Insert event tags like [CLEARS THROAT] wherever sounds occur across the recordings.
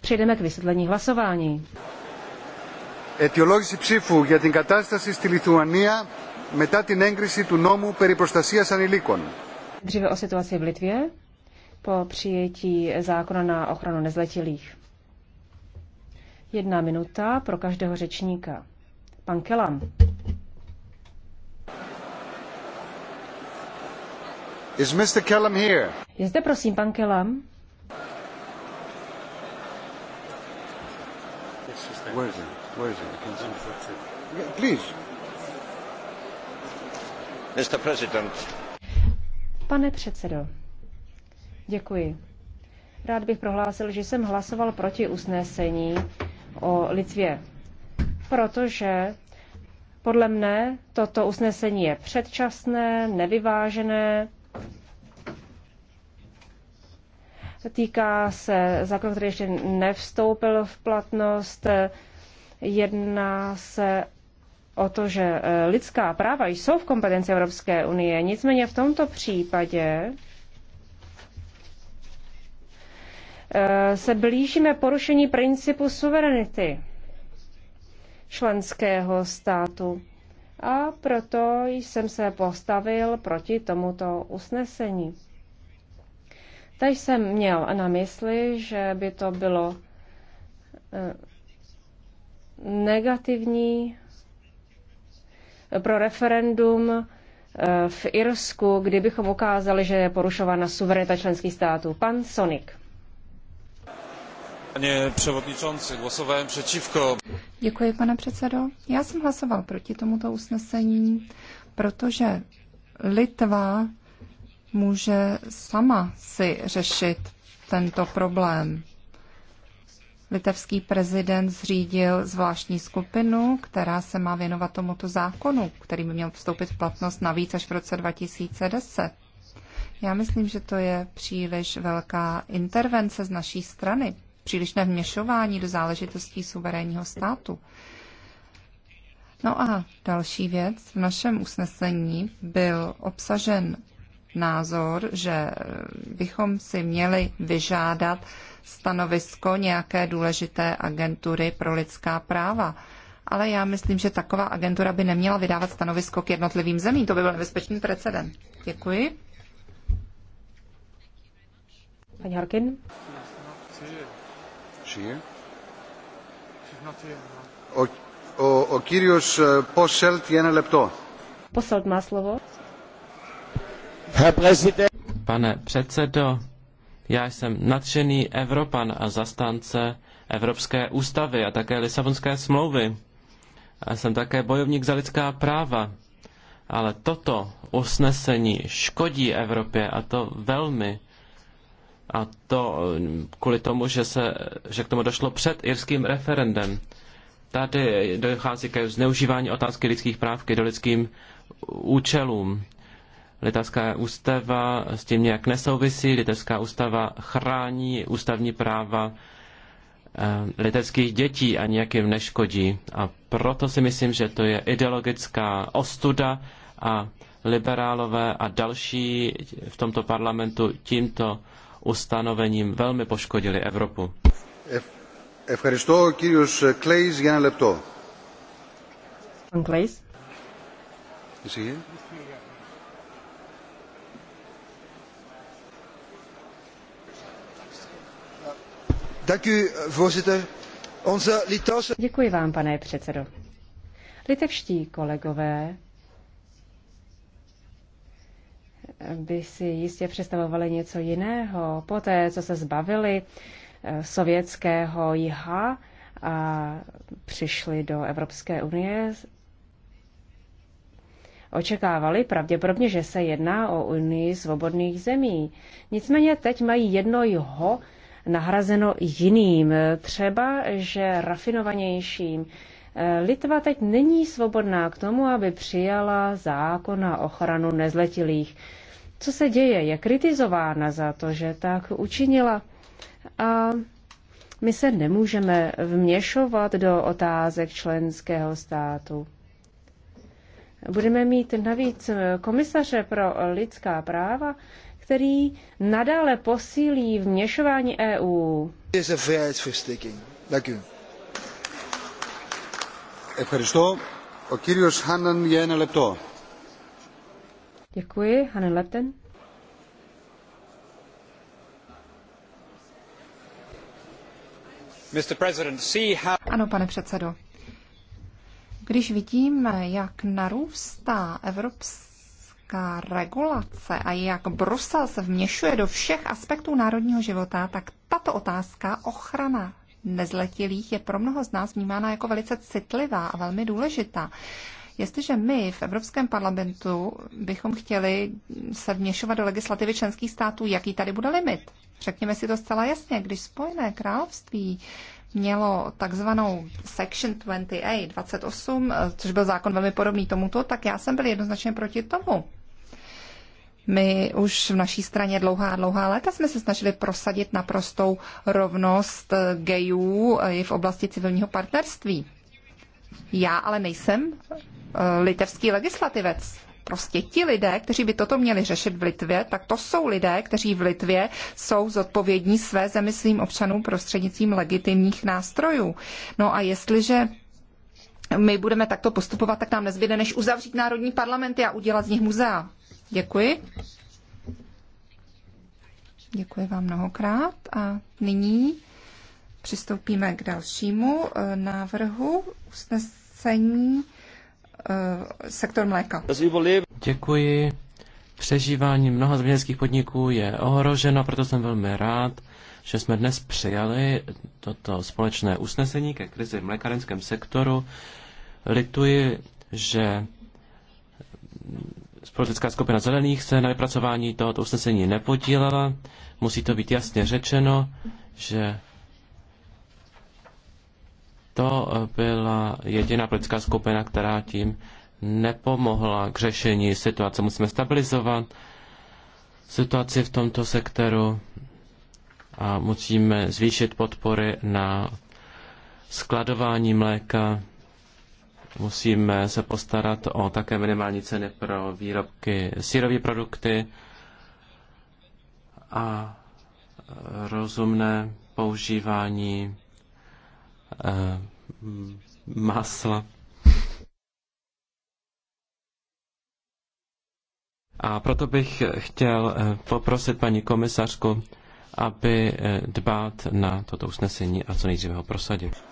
Přejdeme k vysvětlení hlasování. Αιτιολόγηση ψήφου για την κατάσταση στη Λιθουανία μετά την έγκριση του νόμου περί προστασίας ανηλίκων. Dříve o situaci v Litvě po přijetí zákona na ochranu nezletilých. Jedna minuta pro každého řečníka. Pan Kelam. Is Mr. Kellam here? Je zde prosím pan Kelam? Where is it? Where is it? I can't see. Yeah, please. Mr. President. Pane předsedo, děkuji. Rád bych prohlásil, že jsem hlasoval proti usnesení o Litvě, protože podle mne toto usnesení je předčasné, nevyvážené, Týká se zákon, který ještě nevstoupil v platnost. Jedná se o to, že eh, lidská práva jsou v kompetenci Evropské unie. Nicméně v tomto případě eh, se blížíme porušení principu suverenity členského státu. A proto jsem se postavil proti tomuto usnesení. Teď jsem měl na mysli, že by to bylo eh, negativní eh, pro referendum eh, v Irsku, kdybychom ukázali, že je porušována suverenita členských států. Pan Sonik. Pane předsedající, hlasovałem przeciwko. Děkuji, pane předsedo. Já jsem hlasoval proti tomuto usnesení, protože Litva může sama si řešit tento problém. Litevský prezident zřídil zvláštní skupinu, která se má věnovat tomuto zákonu, který by měl vstoupit v platnost navíc až v roce 2010. Já myslím, že to je příliš velká intervence z naší strany, přílišné vměšování do záležitostí suverénního státu. No a další věc, v našem usnesení byl obsažen názor, že bychom si měli vyžádat stanovisko nějaké důležité agentury pro lidská práva. Ale já myslím, že taková agentura by neměla vydávat stanovisko k jednotlivým zemím. To by byl nebezpečný precedent. Děkuji. Pani Harkin? O, o, o Kyrios eh, Poselt, jen lepto. Poselt má slovo. Pane předsedo, já jsem nadšený Evropan a zastánce Evropské ústavy a také Lisabonské smlouvy. A jsem také bojovník za lidská práva. Ale toto usnesení škodí Evropě a to velmi. A to mm, kvůli tomu, že, se, že k tomu došlo před irským referendem. Tady dochází ke zneužívání otázky lidských práv k lidským účelům. Litevská ústava s tím nějak nesouvisí. Litevská ústava chrání ústavní práva eh, litevských dětí a nějak jim neškodí. A proto si myslím, že to je ideologická ostuda a liberálové a další v tomto parlamentu tímto ustanovením velmi poškodili Evropu. Ευχαριστώ, κύριος Κλέης, για ένα λεπτό. Pan Děkuji vám, pane předsedo. Litevští kolegové by si jistě představovali něco jiného. Poté, co se zbavili eh, sovětského jiha a přišli do Evropské unie, očekávali pravděpodobně, že se jedná o unii svobodných zemí. Nicméně teď mají jedno jho, nahrazeno jiným, třeba že rafinovanějším. Eh, Litva teď není svobodná k tomu, aby přijala zákon na ochranu nezletilých. Co se děje? Je kritizována za to, že tak učinila. A my se nemůžeme vměšovat do otázek členského státu. Budeme mít navíc komisaře pro lidská práva, který nadále posílí vměšování EU. Děkuji, Hanen Lepten. Ano, pane předsedo. Když vidíme, jak narůstá evropská evropská regulace a jak Brusel se vměšuje do všech aspektů národního života, tak tato otázka ochrana nezletilých je pro mnoho z nás vnímána jako velice citlivá a velmi důležitá. Jestliže my v Evropském parlamentu bychom chtěli se vměšovat do legislativy členských států, jaký tady bude limit? Řekněme si to zcela jasně, když Spojené království mělo takzvanou Section 28, 28, což byl zákon velmi podobný tomuto, tak já jsem byl jednoznačně proti tomu. My už v naší straně dlouhá, dlouhá léta jsme se snažili prosadit naprostou rovnost gejů i v oblasti civilního partnerství. Já ale nejsem eh, litevský legislativec. Prostě ti lidé, kteří by toto měli řešit v Litvě, tak to jsou lidé, kteří v Litvě jsou zodpovědní své zemi svým občanům prostřednictvím legitimních nástrojů. No a jestliže my budeme takto postupovat, tak nám nezbyde, než uzavřít národní parlamenty a udělat z nich muzea. Děkuji. Děkuji vám mnohokrát a nyní přistoupíme k dalšímu eh, návrhu usnesení eh, sektor mléka. Děkuji. Přežívání mnoha zemědělských podniků je ohroženo, proto jsem velmi rád, že jsme dnes přijali toto společné usnesení ke krizi v mlékarenském sektoru. Lituji, že Politická skupina zelených se na vypracování tohoto usnesení nepodílela. Musí to být jasně řečeno, že to eh, byla jediná politická skupina, která tím nepomohla k řešení situace. Musíme stabilizovat situaci v tomto sektoru a musíme zvýšit podpory na skladování mléka Musíme se postarat o také minimální ceny pro výrobky sírové produkty a rozumné používání eh, masla. A proto bych chtěl eh, poprosit paní komisařku, aby eh, dbát na toto usnesení a co nejdříve ho prosadit.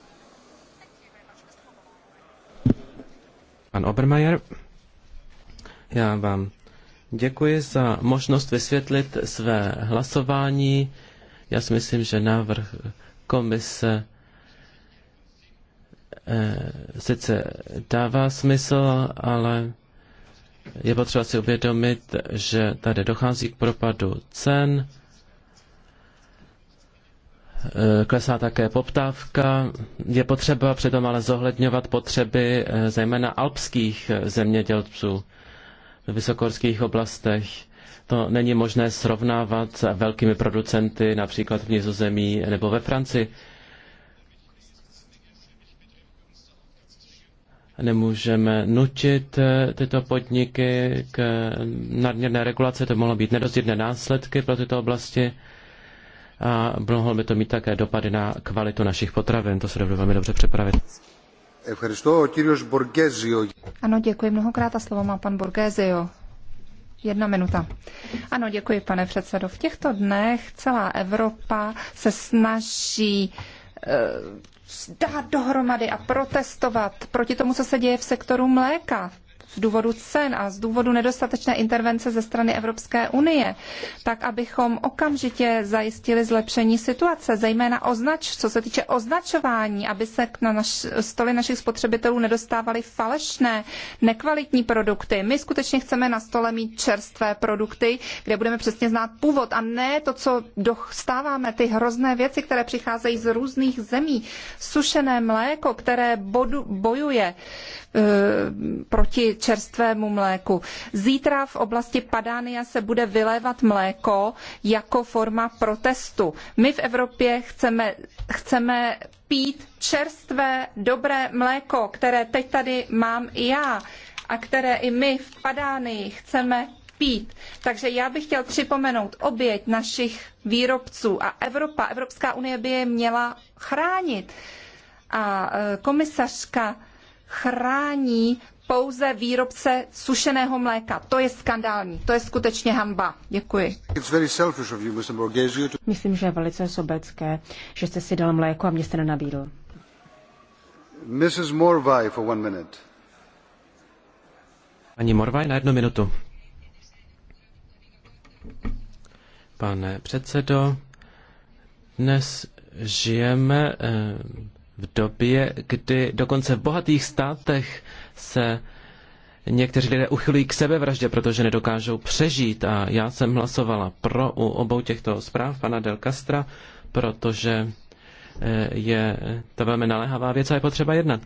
Pan Obermeier, já vám děkuji za možnost vysvětlit své hlasování. Já si myslím, že návrh komise eh, sice dává smysl, ale je potřeba si uvědomit, že tady dochází k propadu cen Eh, klesá také poptávka. Je potřeba přitom ale zohledňovat potřeby eh, zejména alpských eh, zemědělců v vysokorských oblastech. To není možné srovnávat s velkými producenty, například v Nizozemí nebo ve Francii. Nemůžeme nutit tyto podniky k nadměrné regulaci, to mohlo být nedozírné následky pro tyto oblasti a mohlo by to mít také dopady na kvalitu našich potravin. To se dovede velmi dobře připravit. Ano, děkuji mnohokrát a slovo má pan Borgesio. Jedna minuta. Ano, děkuji, pane předsedo. V těchto dnech celá Evropa se snaží eh, dát dohromady a protestovat proti tomu, co se děje v sektoru mléka z důvodu cen a z důvodu nedostatečné intervence ze strany Evropské unie, tak abychom okamžitě zajistili zlepšení situace, zejména označ, co se týče označování, aby se na naš, stoly našich spotřebitelů nedostávaly falešné, nekvalitní produkty. My skutečně chceme na stole mít čerstvé produkty, kde budeme přesně znát původ a ne to, co dostáváme, ty hrozné věci, které přicházejí z různých zemí. Sušené mléko, které bodu, bojuje e, proti čerstvému mléku. Zítra v oblasti Padánia se bude vylévat mléko jako forma protestu. My v Evropě chceme, chceme pít čerstvé, dobré mléko, které teď tady mám i já a které i my v Padánii chceme pít. Takže já bych chtěl připomenout oběť našich výrobců a Evropa, Evropská unie by je měla chránit. A e, komisařka chrání pouze výrobce sušeného mléka. To je skandální, to je skutečně hanba. Děkuji. Myslím, že je velice sobecké, že jste si dal mléko a mě jste nenabídl. Mrs. Morvaj for one minute. Ani Morvaj na jednu minutu. Pane předsedo, dnes žijeme eh, v době, kdy dokonce v bohatých státech se někteří lidé uchylují k sebevraždě, protože nedokážou přežít. A já jsem hlasovala pro u obou těchto zpráv pana Del Castra, protože eh, je to velmi naléhavá věc a je potřeba jednat.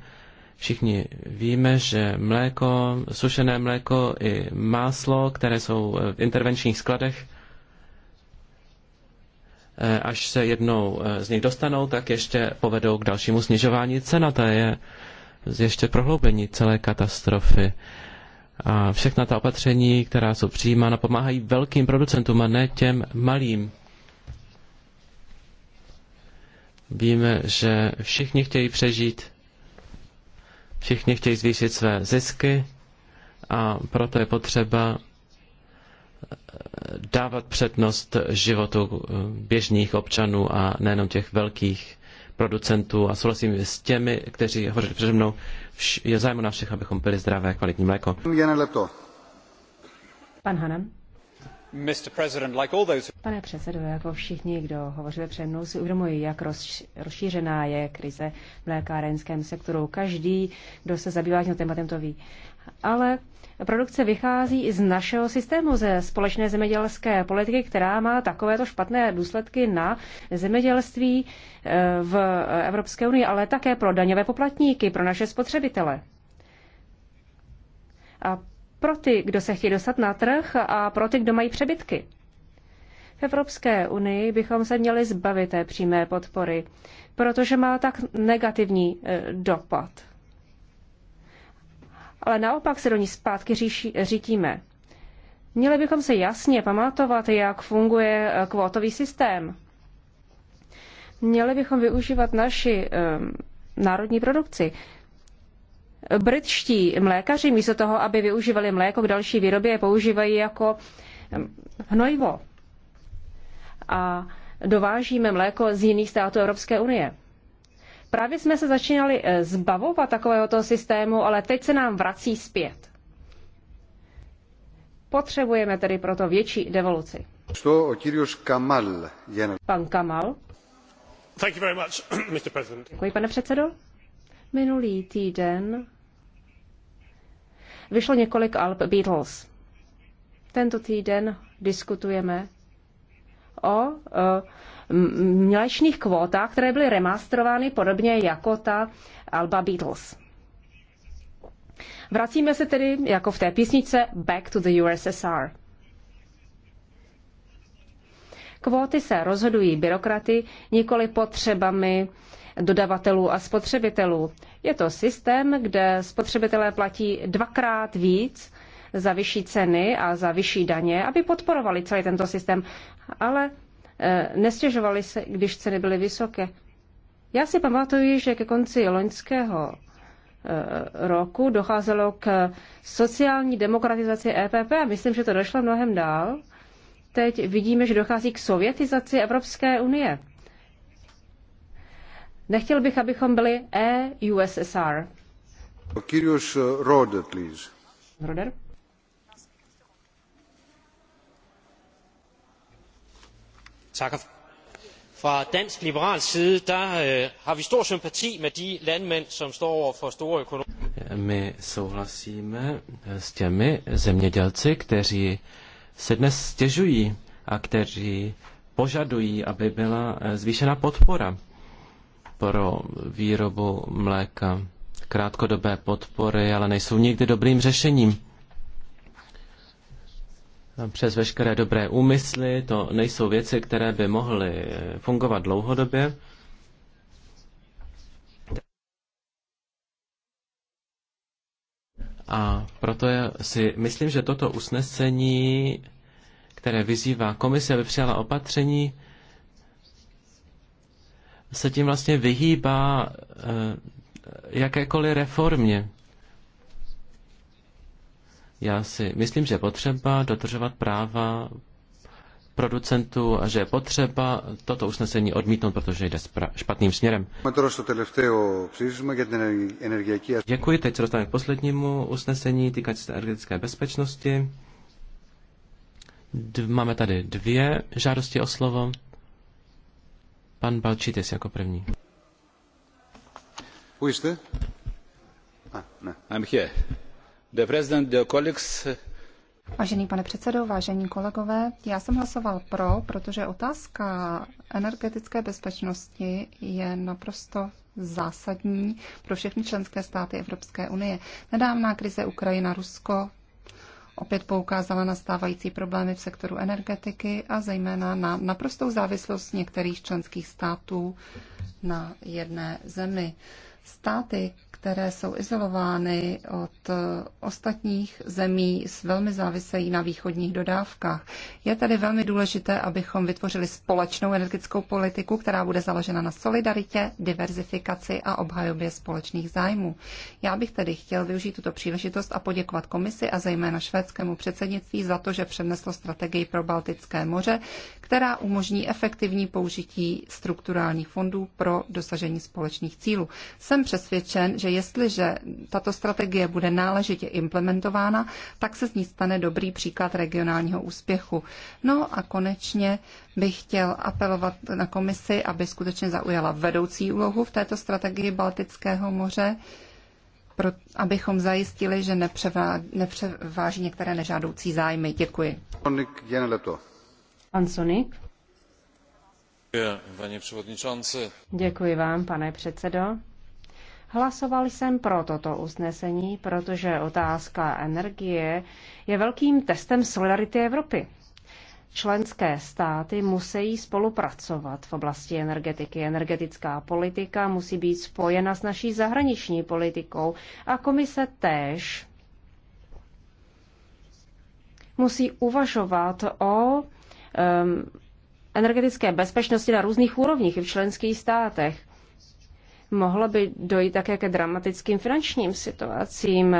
Všichni víme, že mléko, sušené mléko i máslo, které jsou v intervenčních skladech, Eh, až se jednou eh, z nich dostanou, tak ještě povedou k dalšímu snižování cena. To je ještě prohloubení celé katastrofy. A všechna ta opatření, která jsou přijímána, pomáhají velkým producentům a ne těm malým. Víme, že všichni chtějí přežít, všichni chtějí zvýšit své zisky a proto je potřeba dávat přednost životu eh, běžných občanů a nejenom těch velkých producentů a souhlasím s těmi, kteří hovořili přede mnou. Je zájem na všech, abychom pili zdravé kvalitní mléko. Pan Hanem. Pane předsedo, jako všichni, kdo hovořili před mnou, si uvědomuji, jak rozšířená je krize v mlékárenském sektoru. Každý, kdo se zabývá tím tématem, to ví ale produkce vychází i z našeho systému, ze společné zemědělské politiky, která má takovéto špatné důsledky na zemědělství eh, v Evropské unii, ale také pro daňové poplatníky, pro naše spotřebitele. A pro ty, kdo se chtějí dostat na trh a pro ty, kdo mají přebytky. V Evropské unii bychom se měli zbavit té přímé podpory, protože má tak negativní eh, dopad ale naopak se do ní zpátky říši, řítíme. Měli bychom se jasně pamatovat, jak funguje eh, kvótový systém. Měli bychom využívat naši um, národní produkci. Britští mlékaři místo toho, aby využívali mléko k další výrobě, používají jako eh, hnojivo. A dovážíme mléko z jiných států Evropské unie. Právě jsme se začínali eh, zbavovat takového toho systému, ale teď se nám vrací zpět. Potřebujeme tedy proto větší devoluci. Pan Kamal. [CLEARS THROAT] Děkuji, pane předsedo. Minulý týden vyšlo několik alb Beatles. Tento týden diskutujeme o, o eh, mlečných kvótách, které byly remasterovány podobně jako ta Alba Beatles. Vracíme se tedy jako v té písničce Back to the USSR. Kvóty se rozhodují byrokraty, nikoli potřebami dodavatelů a spotřebitelů. Je to systém, kde spotřebitelé platí dvakrát víc za vyšší ceny a za vyšší daně, aby podporovali celý tento systém. Ale Eh, nestěžovali se, když ceny byly vysoké. Já si pamatuju, že ke konci loňského eh, roku docházelo k sociální demokratizaci EPP a myslím, že to došlo mnohem dál. Teď vidíme, že dochází k sovětizaci Evropské unie. Nechtěl bych, abychom byli E-USSR. Roder, please. Roder? fra dansk liberal side øh, har vi stor sympati med de landmænd som står over for store økonomiske My souhlasíme eh, s těmi zemědělci, kteří se dnes stěžují a kteří požadují, aby byla eh, zvýšena podpora pro výrobu mléka. Krátkodobé podpory ale nejsou nikdy dobrým řešením přes veškeré dobré úmysly to nejsou věci, které by mohly fungovat dlouhodobě. A proto já si myslím, že toto usnesení, které vyzývá komise, aby přijala opatření, se tím vlastně vyhýbá eh, jakékoliv reformě. Já si myslím, že je potřeba dodržovat práva producentů a že je potřeba toto usnesení odmítnout, protože jde špatným směrem. Děkuji, teď se dostaneme k poslednímu usnesení týkající se energetické bezpečnosti. Máme tady dvě žádosti o slovo. Pan Balčitis jako první. Ujste? is there? Ah, no. I'm here. Vážený pane předsedo, vážení kolegové, já jsem hlasoval pro, protože otázka energetické bezpečnosti je naprosto zásadní pro všechny členské státy Evropské unie. Nedávná krize Ukrajina-Rusko opět poukázala na stávající problémy v sektoru energetiky a zejména na naprostou závislost některých členských států na jedné zemi. Státy, které jsou izolovány od eh, ostatních zemí, velmi závisejí na východních dodávkách. Je tedy velmi důležité, abychom vytvořili společnou energetickou politiku, která bude založena na solidaritě, diverzifikaci a obhajobě společných zájmů. Já bych tedy chtěl využít tuto příležitost a poděkovat komisi a zejména švédskému předsednictví za to, že předneslo strategii pro Baltické moře, která umožní efektivní použití strukturálních fondů pro dosažení společných cílů. Jsem jsem přesvědčen, že jestliže tato strategie bude náležitě implementována, tak se z ní stane dobrý příklad regionálního úspěchu. No a konečně bych chtěl apelovat na komisi, aby skutečně zaujala vedoucí úlohu v této strategii Baltického moře, pro, abychom zajistili, že nepřevá, nepřeváží některé nežádoucí zájmy. Děkuji. Pan Sonik. Děkuji vám, pane předsedo. Hlasoval jsem pro toto usnesení, protože otázka energie je velkým testem solidarity Evropy. Členské státy musí spolupracovat v oblasti energetiky. Energetická politika musí být spojena s naší zahraniční politikou a komise též musí uvažovat o um, energetické bezpečnosti na různých úrovních i v členských státech mohlo by dojít také ke dramatickým finančním situacím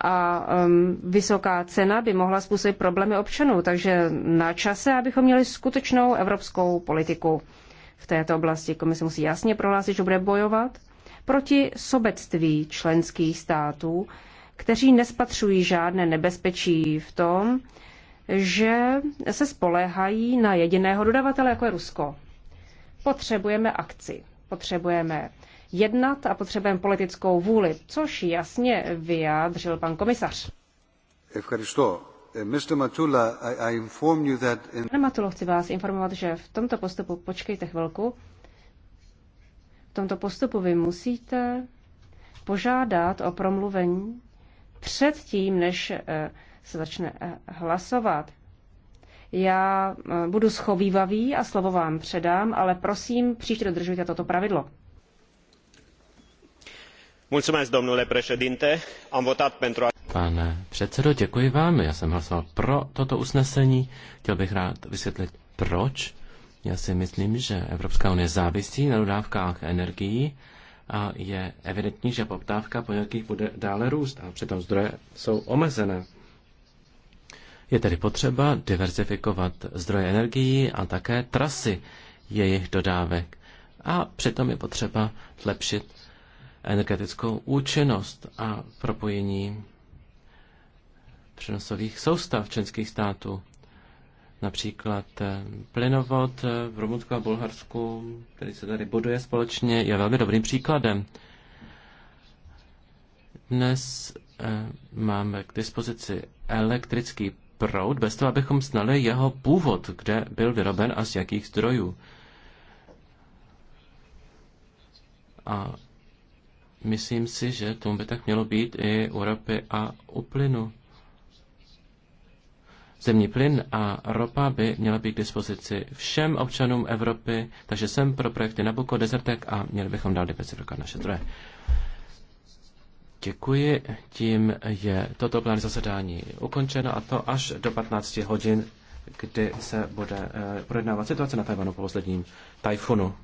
a um, vysoká cena by mohla způsobit problémy občanů. Takže na čase, abychom měli skutečnou evropskou politiku v této oblasti. Komise musí jasně prohlásit, že bude bojovat proti sobectví členských států, kteří nespatřují žádné nebezpečí v tom, že se spoléhají na jediného dodavatele, jako je Rusko. Potřebujeme akci, potřebujeme jednat a potřebujeme politickou vůli, což jasně vyjádřil pan komisař. Eh, Pane Matulo, chci vás informovat, že v tomto postupu, počkejte chvilku, v tomto postupu vy musíte požádat o promluvení předtím, než eh, se začne eh, hlasovat. Já budu schovývavý a slovo vám předám, ale prosím, příště dodržujte toto pravidlo. Pane předsedo, děkuji vám. Já jsem hlasoval pro toto usnesení. Chtěl bych rád vysvětlit, proč. Já si myslím, že Evropská unie závisí na dodávkách energií a je evidentní, že poptávka po nějakých bude dále růst a přitom zdroje jsou omezené. Je tedy potřeba diversifikovat zdroje energií a také trasy jejich dodávek. A přitom je potřeba zlepšit energetickou účinnost a propojení přenosových soustav členských států. Například eh, plynovod eh, v Rumunsku a Bulharsku, který se tady buduje společně, je velmi dobrým příkladem. Dnes eh, máme k dispozici elektrický proud, bez toho, abychom znali jeho původ, kde byl vyroben a z jakých zdrojů. A Myslím si, že tomu by tak mělo být i u ropy a u plynu. Zemní plyn a ropa by měla být k dispozici všem občanům Evropy, takže jsem pro projekty Nabucco, Desertek a měli bychom dál diversifikovat naše zdroje. Děkuji, tím je toto plán zasedání ukončeno a to až do 15 hodin, kdy se bude eh, projednávat situace na Tajvanu po posledním tajfunu.